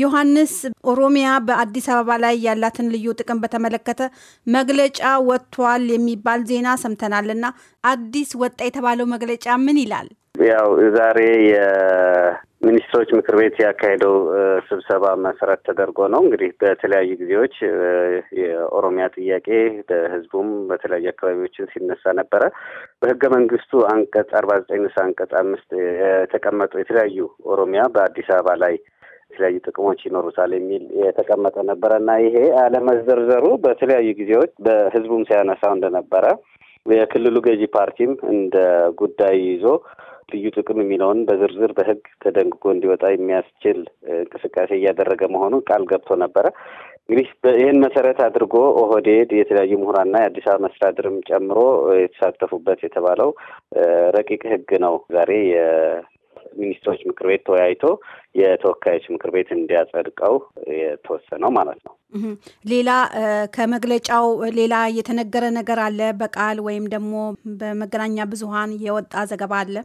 ዮሐንስ ኦሮሚያ በአዲስ አበባ ላይ ያላትን ልዩ ጥቅም በተመለከተ መግለጫ ወጥቷል የሚባል ዜና ሰምተናል እና አዲስ ወጣ የተባለው መግለጫ ምን ይላል? ያው ዛሬ የሚኒስትሮች ምክር ቤት ያካሄደው ስብሰባ መሰረት ተደርጎ ነው እንግዲህ በተለያዩ ጊዜዎች የኦሮሚያ ጥያቄ በህዝቡም በተለያዩ አካባቢዎችን ሲነሳ ነበረ። በህገ መንግስቱ አንቀጽ አርባ ዘጠኝ ንዑስ አንቀጽ አምስት የተቀመጡ የተለያዩ ኦሮሚያ በአዲስ አበባ ላይ የተለያዩ ጥቅሞች ይኖሩታል የሚል የተቀመጠ ነበረ እና ይሄ አለመዘርዘሩ በተለያዩ ጊዜዎች በህዝቡም ሲያነሳው እንደነበረ የክልሉ ገዢ ፓርቲም እንደ ጉዳይ ይዞ ልዩ ጥቅም የሚለውን በዝርዝር በህግ ተደንግጎ እንዲወጣ የሚያስችል እንቅስቃሴ እያደረገ መሆኑን ቃል ገብቶ ነበረ። እንግዲህ ይህን መሰረት አድርጎ ኦህዴድ የተለያዩ ምሁራንና የአዲስ አበባ መስተዳድርም ጨምሮ የተሳተፉበት የተባለው ረቂቅ ህግ ነው ዛሬ የሚኒስትሮች ምክር ቤት ተወያይቶ የተወካዮች ምክር ቤት እንዲያጸድቀው የተወሰነው ማለት ነው። ሌላ ከመግለጫው ሌላ የተነገረ ነገር አለ? በቃል ወይም ደግሞ በመገናኛ ብዙኃን የወጣ ዘገባ አለ?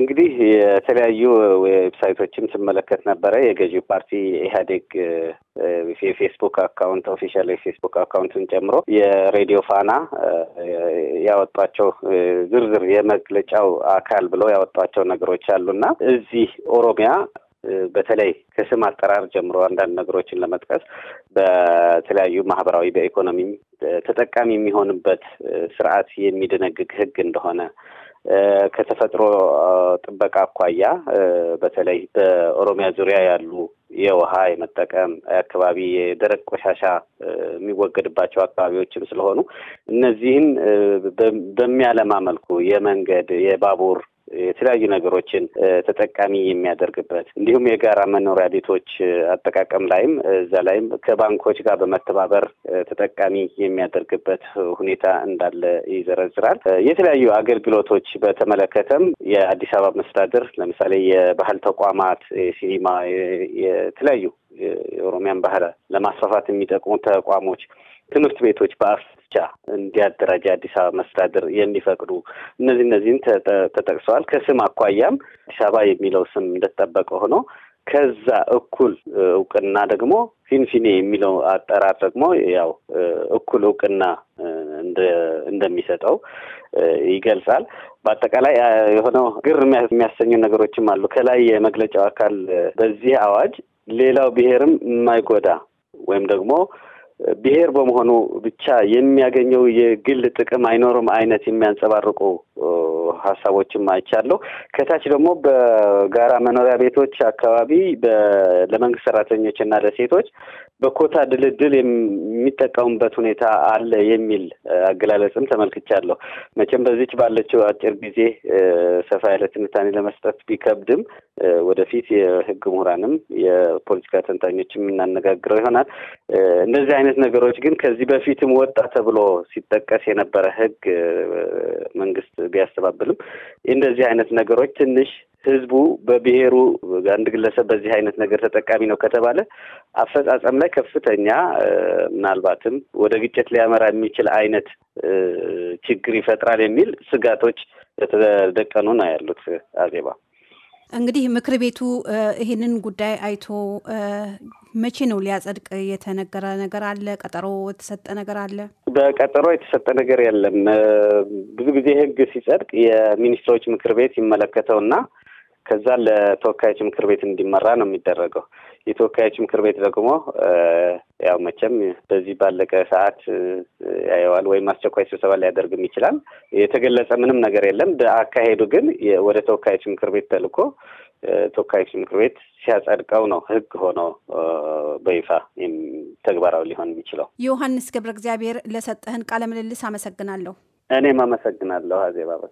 እንግዲህ የተለያዩ ዌብሳይቶችም ስመለከት ነበረ። የገዢው ፓርቲ ኢህአዴግ የፌስቡክ አካውንት ኦፊሻል የፌስቡክ አካውንትን ጨምሮ የሬዲዮ ፋና ያወጧቸው ዝርዝር የመግለጫው አካል ብለው ያወጧቸው ነገሮች አሉና እዚህ ኦሮሚያ በተለይ ከስም አጠራር ጀምሮ አንዳንድ ነገሮችን ለመጥቀስ በተለያዩ ማህበራዊ፣ በኢኮኖሚ ተጠቃሚ የሚሆንበት ስርዓት የሚደነግግ ህግ እንደሆነ ከተፈጥሮ ጥበቃ አኳያ በተለይ በኦሮሚያ ዙሪያ ያሉ የውሃ የመጠቀም አካባቢ የደረቅ ቆሻሻ የሚወገድባቸው አካባቢዎችም ስለሆኑ እነዚህን በሚያለማ መልኩ የመንገድ፣ የባቡር የተለያዩ ነገሮችን ተጠቃሚ የሚያደርግበት እንዲሁም የጋራ መኖሪያ ቤቶች አጠቃቀም ላይም እዛ ላይም ከባንኮች ጋር በመተባበር ተጠቃሚ የሚያደርግበት ሁኔታ እንዳለ ይዘረዝራል። የተለያዩ አገልግሎቶች በተመለከተም የአዲስ አበባ መስተዳድር ለምሳሌ የባህል ተቋማት፣ የሲኒማ፣ የተለያዩ የኦሮሚያን ባህል ለማስፋፋት የሚጠቅሙ ተቋሞች ትምህርት ቤቶች በአፍ ብቻ እንዲያደራጅ አዲስ አበባ መስተዳድር የሚፈቅዱ እነዚህ እነዚህን ተጠቅሰዋል። ከስም አኳያም አዲስ አበባ የሚለው ስም እንደተጠበቀ ሆኖ ከዛ እኩል እውቅና ደግሞ ፊንፊኔ የሚለው አጠራር ደግሞ ያው እኩል እውቅና እንደሚሰጠው ይገልጻል። በአጠቃላይ የሆነው ግር የሚያሰኙ ነገሮችም አሉ። ከላይ የመግለጫው አካል በዚህ አዋጅ ሌላው ብሔርም የማይጎዳ ወይም ደግሞ ብሔር በመሆኑ ብቻ የሚያገኘው የግል ጥቅም አይኖርም አይነት የሚያንጸባርቁ ሀሳቦችም አይቻለሁ። ከታች ደግሞ በጋራ መኖሪያ ቤቶች አካባቢ ለመንግስት ሰራተኞች እና ለሴቶች በኮታ ድልድል የሚጠቀሙበት ሁኔታ አለ የሚል አገላለጽም ተመልክቻለሁ። መቼም በዚች ባለችው አጭር ጊዜ ሰፋ ያለ ትንታኔ ለመስጠት ቢከብድም ወደፊት የህግ ምሁራንም የፖለቲካ ተንታኞችም እናነጋግረው ይሆናል እንደዚህ አይነት አይነት ነገሮች ግን ከዚህ በፊትም ወጣ ተብሎ ሲጠቀስ የነበረ ህግ መንግስት ቢያስተባብልም እንደዚህ አይነት ነገሮች ትንሽ ህዝቡ በብሔሩ አንድ ግለሰብ በዚህ አይነት ነገር ተጠቃሚ ነው ከተባለ አፈጻጸም ላይ ከፍተኛ ምናልባትም ወደ ግጭት ሊያመራ የሚችል አይነት ችግር ይፈጥራል የሚል ስጋቶች የተደቀኑ ነው ያሉት። አዜባ እንግዲህ ምክር ቤቱ ይህንን ጉዳይ አይቶ መቼ ነው ሊያጸድቅ የተነገረ ነገር አለ? ቀጠሮ የተሰጠ ነገር አለ? በቀጠሮ የተሰጠ ነገር የለም። ብዙ ጊዜ ህግ ሲጸድቅ የሚኒስትሮች ምክር ቤት ይመለከተውና ከዛ ለተወካዮች ምክር ቤት እንዲመራ ነው የሚደረገው። የተወካዮች ምክር ቤት ደግሞ ያው መቼም በዚህ ባለቀ ሰዓት ያየዋል ወይም አስቸኳይ ስብሰባ ሊያደርግም ይችላል። የተገለጸ ምንም ነገር የለም። አካሄዱ ግን ወደ ተወካዮች ምክር ቤት ተልኮ ተወካዮች ምክር ቤት ሲያጸድቀው ነው ህግ ሆኖ በይፋ ተግባራዊ ሊሆን የሚችለው። ዮሐንስ ገብረ እግዚአብሔር ለሰጠህን ቃለ ምልልስ አመሰግናለሁ። እኔም አመሰግናለሁ አዜብ